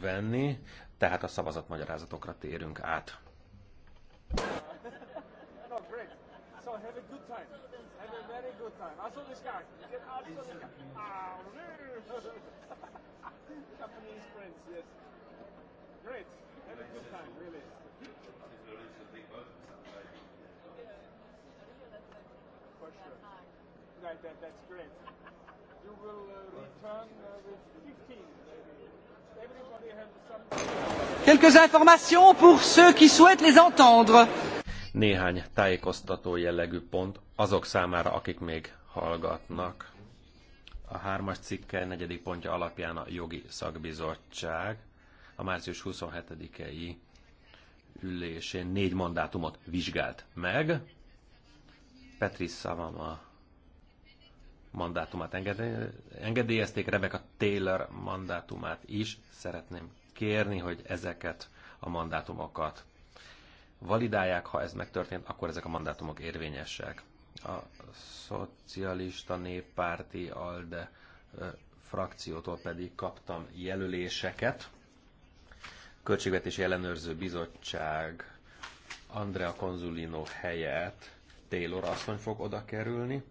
venni, tehát a szavazatmagyarázatokra térünk át. that, that's great. You will uh, return. Uh, Quelques informations pour ceux qui souhaitent les entendre. Néhány tájékoztató jellegű pont azok számára, akik még hallgatnak. A hármas cikke negyedik pontja alapján a jogi szakbizottság a március 27-i ülésén négy mandátumot vizsgált meg. Petris Szavama mandátumát engedélyezték, Rebecca Taylor mandátumát is szeretném kérni, hogy ezeket a mandátumokat validálják, ha ez megtörtént, akkor ezek a mandátumok érvényesek. A szocialista néppárti ALDE frakciótól pedig kaptam jelöléseket. Költségvetési ellenőrző bizottság Andrea Konzulino helyett Taylor asszony fog oda kerülni.